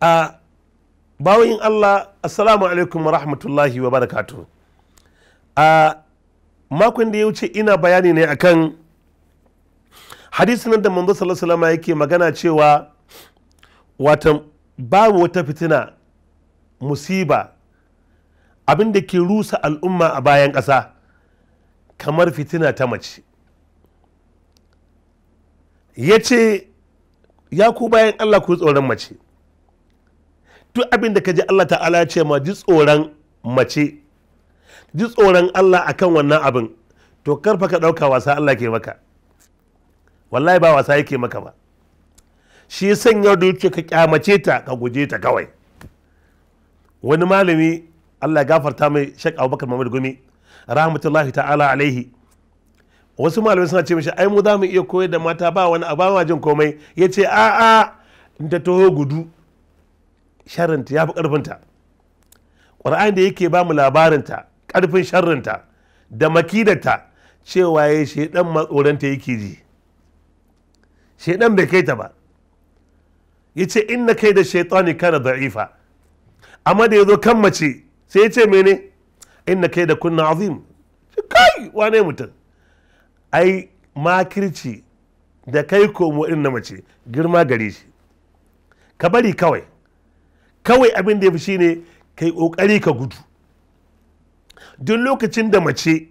a bawoyin Allah assalamu alaikum wa rahmatullahi wa barakatu a makon da ya wuce ina bayani ne akan hadisi nan da manzo sallallahu alaihi wasallam yake magana cewa wata babu wata fitina musiba abin da ke rusa al'umma a bayan ƙasa kamar fitina ta mace ya ce ya ku bayan Allah ku tsoron mace duk abin da ka ji Allah ta'ala ce ma ji tsoron mace ji tsoron Allah akan wannan abin to karfa ka ɗauka wasa Allah ke maka wallahi ba wasa yake maka ba shi sanya dukiya ka kyamace ta ka guje ta kawai wani malami Allah ya gafarta mai Sheikh Abubakar Muhammad Gumi rahmatullahi ta'ala alaihi wasu malamai suna ce mishi ai mu za mu iya koyar da mata ba wani abawa jin komai yace a a'a da taho gudu sharrinta ya fi ƙarfinta ƙwar'an da yake ba mu labarinta ƙarfin sharrinta da makidata cewa ya shi ɗan matsoranta yake ji shi ɗan bai kai ta ba ya ce inna kai da shaitani kana da'ifa amma da ya zo kan mace sai ya ce mene inna kai da kunna azim kai wane mutum ai makirci da kai komo irin na mace girma gare shi ka bari kawai kawai abin da ya fi shine kai kokari ka gudu duk lokacin da mace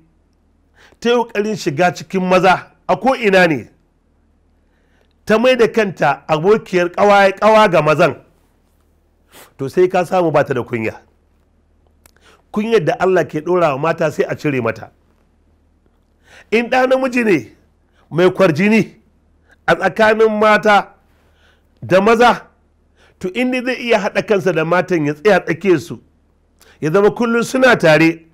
ta yi kokarin shiga cikin maza a ko ina ne ta mai da kanta abokiyar kawa ga mazan to sai ka samu bata da kunya kunyar da Allah ke ɗora wa mata sai a cire mata in ɗa namiji ne mai kwarjini a tsakanin mata da maza to inda zai iya haɗa kansa da matan ya tsaya tsake su ya zama kullum suna tare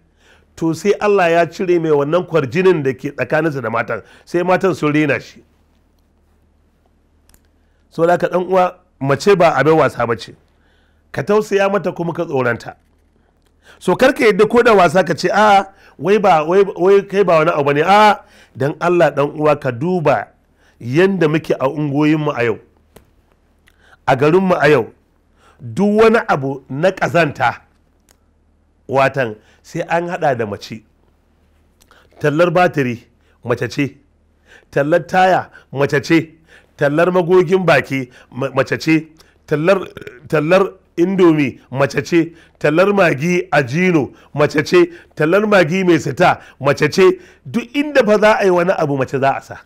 to sai Allah ya cire mai wannan kwarjinin da ke tsakaninsa da matan sai matan sun rena shi so da ka dan uwa mace ba abin wasa ba ce ka tausaya mata kuma ka tsoranta so kar karka yadda ko da wasa ka ce a wai ba wai kai ba wani abu ne a dan Allah dan uwa ka duba yanda muke a ungoyinmu a yau a garinmu a yau duk wani abu na ƙazanta watan sai an hada da mace tallar batiri mace ce tallar taya mace ce tallar magogin baki mace ce tallar indomi mace ce tallar magi a jino mace ce tallar magi mai sita mace ce duk inda fa za a yi wani abu mace za a sa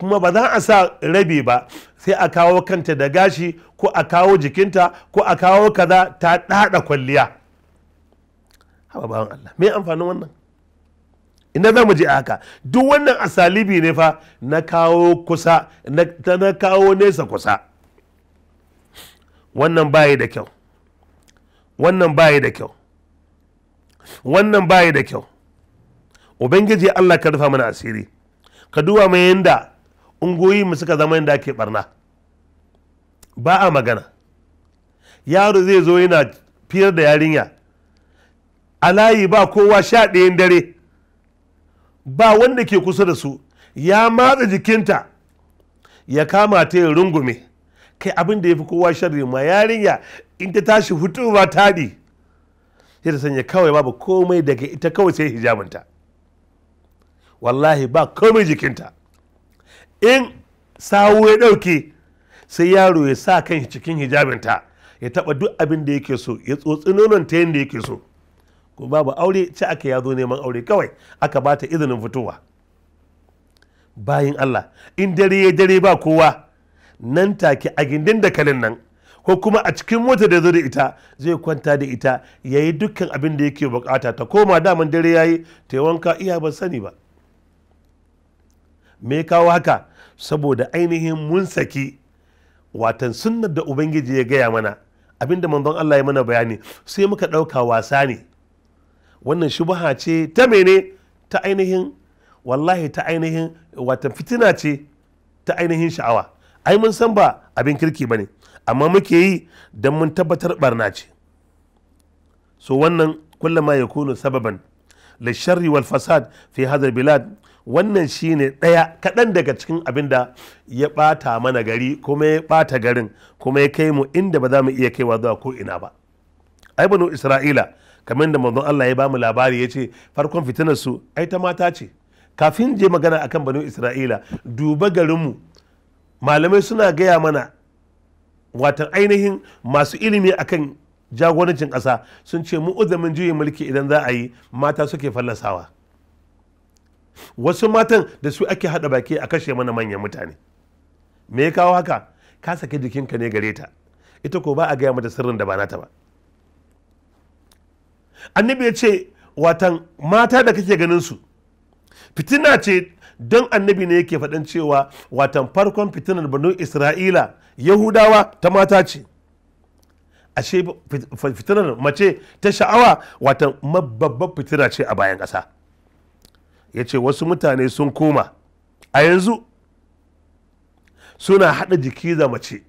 kuma ba za a sa rabi ba sai a kawo kanta da gashi ko a kawo jikinta ko a kawo kaza ta ɗaɗa kwalliya haba bawan Allah me amfanin wannan ina za mu je aka? haka duk wannan asalibi ne fa na kawo kusa na kawo nesa kusa wannan bayi da kyau wannan bayi da kyau wannan bayi da kyau ubangiji Allah ka rufa mana asiri ka duba mai yanda ungoyi mu suka zama inda ake barna ba a magana yaro zai zo yana fiyar da yarinya a layi ba kowa sha ɗayan dare ba wanda ke kusa da su ya matsa jikinta ya kama ta ya rungume kai abin da ya fi kowa sharri ma yarinya in ta tashi hutu ba taɗi sai ta sanya kawai babu komai daga ita kawai sai hijabinta wallahi ba komai jikinta in sawu ya ɗauke sai yaro ya sa kan cikin hijabinta ya taba duk abin da yake so ya tsotsi nonon ta yadda yake so ko babu aure ci aka ya zo neman aure kawai aka ba ta izinin fitowa bayan Allah in dare ya dare ba kowa nan take a gindin da kalin nan ko kuma a cikin mota da zo da ita zai kwanta da ita ya yi dukkan abin da yake bukata ta koma daman dare ya yi ta wanka iya ba sani ba me kawo haka saboda ainihin mun saki watan sunnar da ubangiji ya gaya mana abinda manzon Allah ya mana bayani sai muka ɗauka wasa ne wannan shubaha ce ta mene ta ainihin wallahi ta ainihin watan fitina ce ta ainihin sha'awa ai mun san ba abin kirki ba ne amma muke yi don mun tabbatar barna ce so wannan kullum ma ya kunu sababan wal fasad fi hadar bilad. wannan shi ne ɗaya kaɗan daga cikin abin da ya ɓata mana gari kuma ya ɓata garin kuma ya kai mu inda ba za mu iya kaiwa zuwa ko ina ba ai banu isra'ila kamar da manzon Allah ya ba mu labari ya ce farkon fitinar su ai ta mata ce kafin je magana akan banu isra'ila duba garinmu malamai suna gaya mana watan ainihin masu ilimi akan jagorancin ƙasa sun ce mu uzumin juyin mulki idan za a yi mata suke fallasawa wasu matan da su ake haɗa baki a kashe mana manyan mutane me ya kawo haka ka saki jikinka ne gare ta ita ko ba a gaya mata sirrin da ba nata ba annabi ya ce watan mata da kake ganin su fitina ce don annabi ne yake faɗin cewa watan farkon fitinar banu isra'ila yahudawa ta mata ce ashe fitinar mace ta sha'awa watan babbar fitina ce a bayan ƙasa ya ce wasu mutane sun koma a yanzu suna haɗa jiki da mace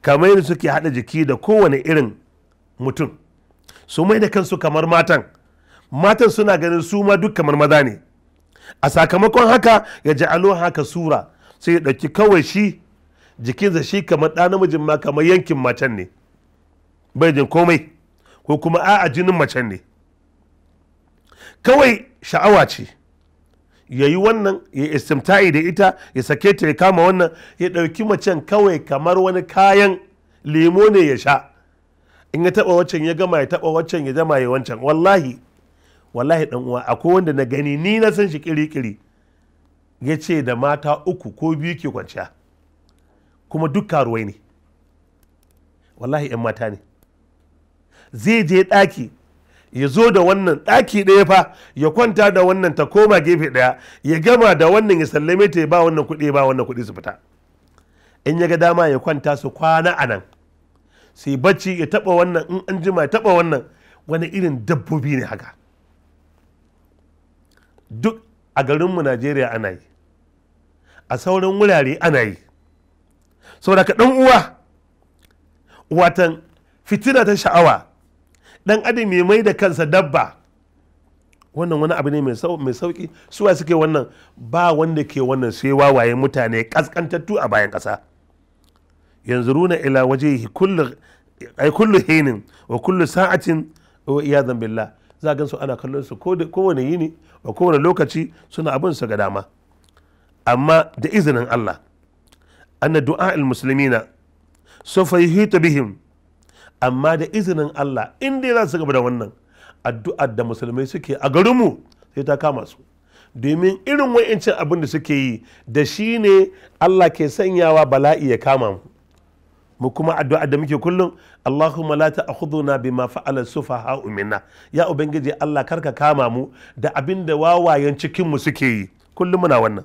kamar yadda suke haɗa jiki da kowane irin mutum su mai da kansu kamar matan matan suna ganin su ma duk kamar maza ne a sakamakon haka ya ji haka sura sai ya ɗauki kawai shi jikinsa shi kamar ɗa namijin ma kamar yankin macen ne bai jin komai ko kuma a'a jinin macen ne kawai sha'awa ce ya yi wannan ya istimta'i da ita ya sake ta ya kama wannan ya ɗauki macen kawai kamar wani kayan lemo ne ya sha in ya taɓa waccan ya gama ya taɓa waccan ya gama ya wancan wallahi wallahi ɗan uwa akwai wanda na gani ni na san shi kiri-kiri ya ce da mata uku ko biyu ke kwanciya kuma duk karuwai ne wallahi 'yan mata ne zai je ɗaki ya zo da wannan ɗaki ɗaya fa ya kwanta da wannan ta koma gefe ɗaya ya gama da wannan ya sallame ta ya ba wannan kuɗi ya ba wannan kuɗi su fita in ya ga dama ya kwanta su kwana a nan sai bacci ya taɓa wannan in an jima ya taɓa wannan wani irin dabbobi ne haka duk a garinmu najeriya ana yi a sauran wurare ana yi saboda ka ɗan uwa watan fitina ta sha'awa dan adam ya mai da kansa dabba wannan wani abu ne mai sauki suwa suke wannan ba wanda ke wannan sai wawaye mutane kaskantattu a bayan kasa. yanzu runa ila waje ai kullu hinin wa kullu sa'atin wa iyadan billah za gan su ana kallon su kowane yini wa kowane lokaci suna abin su ga dama amma da izinin Allah anna du'a al-muslimina yi yuhitu bihim amma da izinin Allah in dai za su gaba da wannan addu'ar da musulmai suke a garinmu sai ta kama su domin irin wa'incin abin da suke yi da shi ne Allah ke sanyawa bala'i ya kama mu mu kuma addu'a da muke kullum Allahumma la ta'khudhuna bima fa'ala sufaha umina ya ubangiji Allah karka kama mu da abin da wawayen cikin mu suke yi kullum muna wannan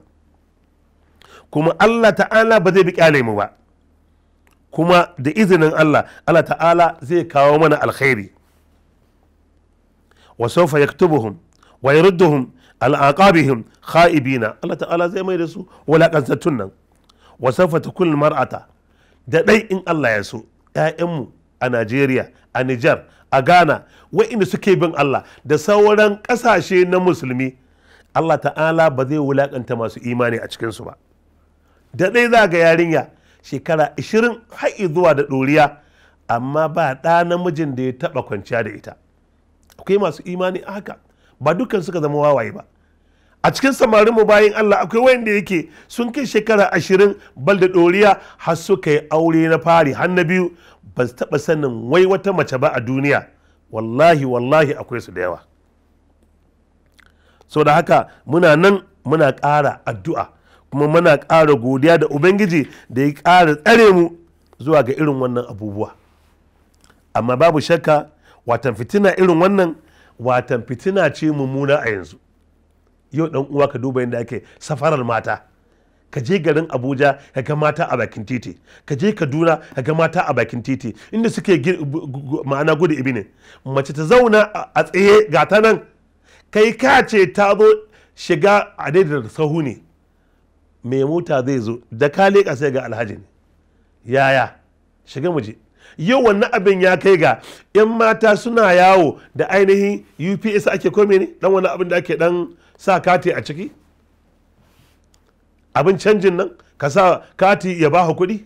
kuma Allah ta'ala ba zai bi kyale mu ba kuma da izinin Allah Allah ta'ala zai kawo mana alkhairi wa sawfa yaktubuhum wa yarudduhum al'aqabihim kha'ibina Allah ta'ala zai mai da su walakantattun nan wa sawfa takul mar'ata da dai in Allah ya so ƴaƴanmu a Najeriya a Nijar a Ghana wa'inda suke bin Allah da sauran ƙasashe na musulmi Allah ta'ala ba zai wulaƙanta masu imani a cikinsu ba da dai za ga yarinya shekara 20 har zuwa da ɗoriya amma ba ɗa namijin da ya taɓa kwanciya da ita akwai masu imani a haka ba dukkan suka zama wawaye ba a cikin samarin mu bayan Allah akwai wayanda yake sun kai shekara ashirin bal da ɗoriya har suka yi aure na fari har na biyu ba su taɓa sanin wai wata mace ba a duniya wallahi wallahi akwai su da yawa so da haka muna nan muna ƙara addu'a kuma muna ƙara godiya da ubangiji da ya ƙara tsare mu zuwa ga irin wannan abubuwa amma babu shakka watan fitina irin wannan watan fitina ce mummuna a yanzu yau dan uwa ka duba yadda ake safarar mata ka je garin abuja ka ga mata a bakin titi ka je kaduna ka ga mata a bakin titi inda suke ma'ana gudu ibi ne mace ta zauna a tsaye ga ta nan kai ka ce ta zo shiga a sahu ne mai mota zai zo da ka leƙa sai ga alhaji ne yaya shiga mu je yau wannan abin ya kai ga 'yan mata suna yawo da ainihin ups ake kome ne dan wani abin da ake dan sa kati a ciki abin canjin nan ka sa kati ya ba kuɗi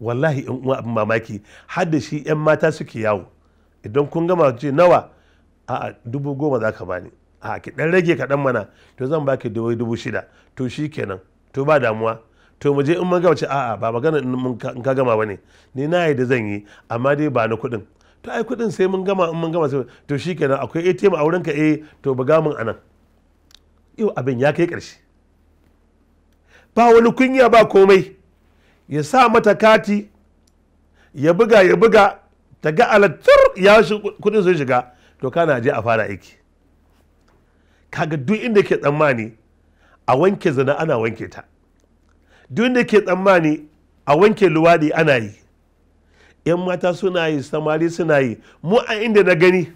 wallahi in uwa abin mamaki har da shi 'yan mata suke yawo idan kun gama ce nawa a dubu goma za ka bani a ki dan rage kaɗan mana to zan baki dubu shida to shi kenan to ba damuwa to mu in mun gama a'a ba magana in ka gama bane ni na yi da zan yi amma dai ba na kuɗin to ai kuɗin sai mun gama in mun gama sai to shi kenan akwai ATM a wurinka eh to buga mun anan yau abin ya kai ƙarshe ba wani kunya ba komai ya sa mata kati ya buga ya buga ta ga alatar ya kudin sun shiga to kana je a fara aiki kaga duk inda ke tsammani a wanke zana ana wanke ta duk inda ke tsammani a wanke luwaɗi ana yi yan mata suna yi samari suna yi mu a inda na gani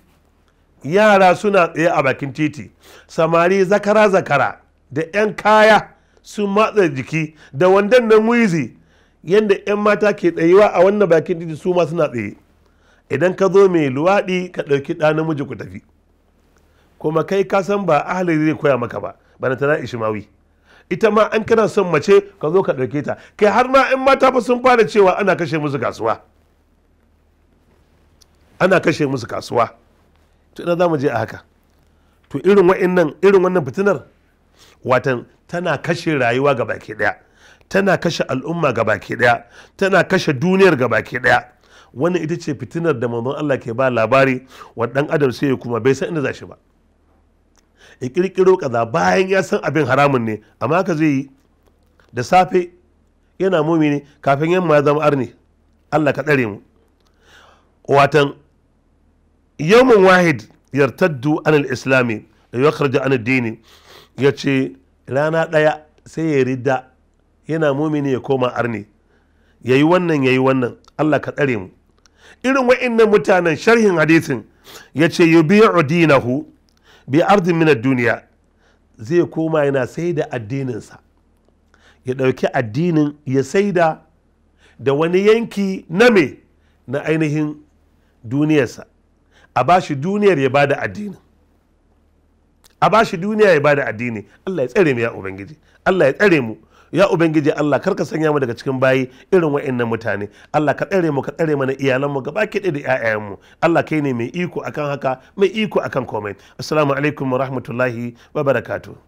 yara suna tsaye a bakin titi samari zakara zakara da 'yan kaya sun matsa jiki da wandan nan wizi yadda 'yan mata ke tsayewa a wannan bakin titi su ma suna tsaye idan ka zo mai luwaɗi ka ɗauki ɗa namiji ku tafi kuma kai ka san ba ahali zai koya maka ba bana tana ishimawi ita ma an kana son mace ka zo ka ɗauke ta kai har ma in mata fa sun fara cewa ana kashe musu kasuwa ana kashe musu kasuwa to ina za mu je a haka to irin wa'annan irin wannan fitinar watan tana kashe rayuwa ga baki daya tana kashe al'umma ga baki daya tana kashe duniyar ga baki daya wannan ita ce fitinar da manzon Allah ke ba labari wa dan adam sai kuma bai san inda za shi ba ya kirkiro kaza bayan ya san abin haramun ne amma ka zai yi da safe yana ne kafin yamma ya zama arni Allah ka tsare mu watan yawmin wahid yartaddu an al-islami yakhraju an addini Ya yace rana daya sai ya ridda yana mumini ya koma arni yayi wannan yayi wannan Allah ka tsare mu irin wa'annan mutanen sharhin hadisin yace yubi'u dinahu bi ardin minar duniya zai koma yana sai da addininsa ya ɗauki addinin ya saida da wani yanki na me na ainihin duniyarsa a ba shi duniyar ya ba da addini a ba shi duniya ya ba da addini Allah ya tsare mu ya ubangiji Allah ya tsare mu ya ubangiji Allah kar ka sanya mu daga cikin bayi irin wa'annan mutane Allah ka tsare mu ka tsare mana iyalan mu gaba ki da ƴaƴayen mu Allah kai ne mai iko akan haka mai iko akan komai assalamu alaikum wa rahmatullahi wa barakatuh